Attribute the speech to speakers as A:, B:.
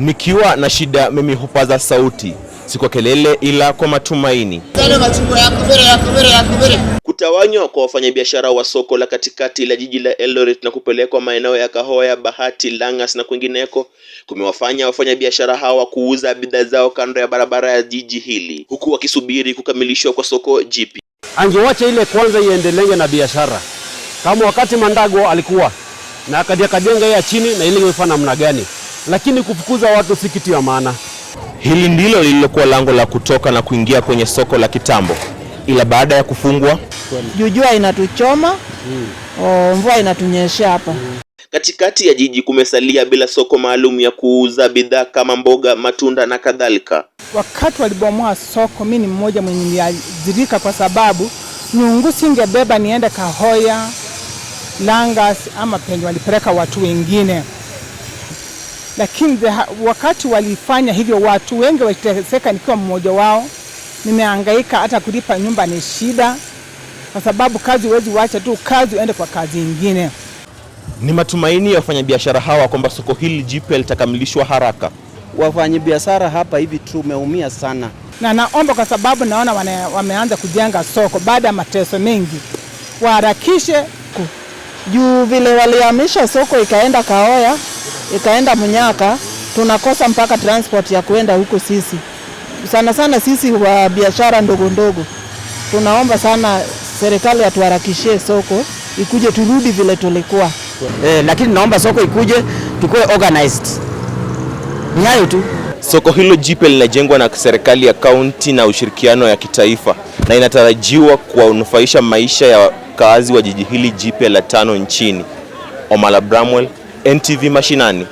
A: Nikiwa na shida mimi hupaza sauti, si kwa kelele, ila kwa matumaini. Kutawanywa kwa wafanyabiashara wa soko la katikati la jiji la Eldoret na kupelekwa maeneo ya Kahoya, Bahati, Langas na kwingineko kumewafanya wafanyabiashara hawa kuuza bidhaa zao kando ya barabara ya jiji hili, huku wakisubiri kukamilishwa kwa soko jipi.
B: Angewacha ile kwanza iendelenge na biashara kama wakati Mandago alikuwa na akajenga ya chini na ile imefanya namna gani? lakini kufukuza watu si kitu ya maana.
A: Hili ndilo lililokuwa lango la kutoka na kuingia kwenye soko la kitambo, ila baada ya kufungwa,
C: jujua inatuchoma mm. mvua inatunyeshea hapa mm.
A: Katikati ya jiji kumesalia bila soko maalum ya kuuza bidhaa kama mboga, matunda na kadhalika.
D: Wakati walibomoa soko, mimi ni mmoja mwenye niliadhirika kwa sababu nyungu singebeba niende Kahoya, Langas ama penye walipeleka watu wengine lakini wakati walifanya hivyo, watu wengi waliteseka, nikiwa mmoja wao. Nimehangaika hata kulipa nyumba ni shida, kwa sababu kazi huwezi wacha tu kazi uende kwa kazi ingine.
A: Ni matumaini ya wafanyabiashara hawa kwamba soko hili jipya litakamilishwa haraka.
E: Wafanyabiashara hapa hivi tumeumia sana,
D: na naomba kwa sababu naona wameanza kujenga soko baada ya mateso mengi, waharakishe
C: juu vile walihamisha soko ikaenda Kaoya ikaenda Munyaka, tunakosa mpaka transport ya kuenda huko. Sisi sana sana sisi wa biashara ndogo ndogo tunaomba sana serikali atuharakishie soko ikuje turudi vile tulikuwa.
F: Eh, lakini naomba soko ikuje tukuwe organized. Ni hayo tu.
A: Soko hilo jipya linajengwa na serikali ya kaunti na ushirikiano ya kitaifa na inatarajiwa kuwanufaisha maisha ya wakaazi wa jiji hili jipya la tano nchini. Omala Bramwell, NTV Mashinani.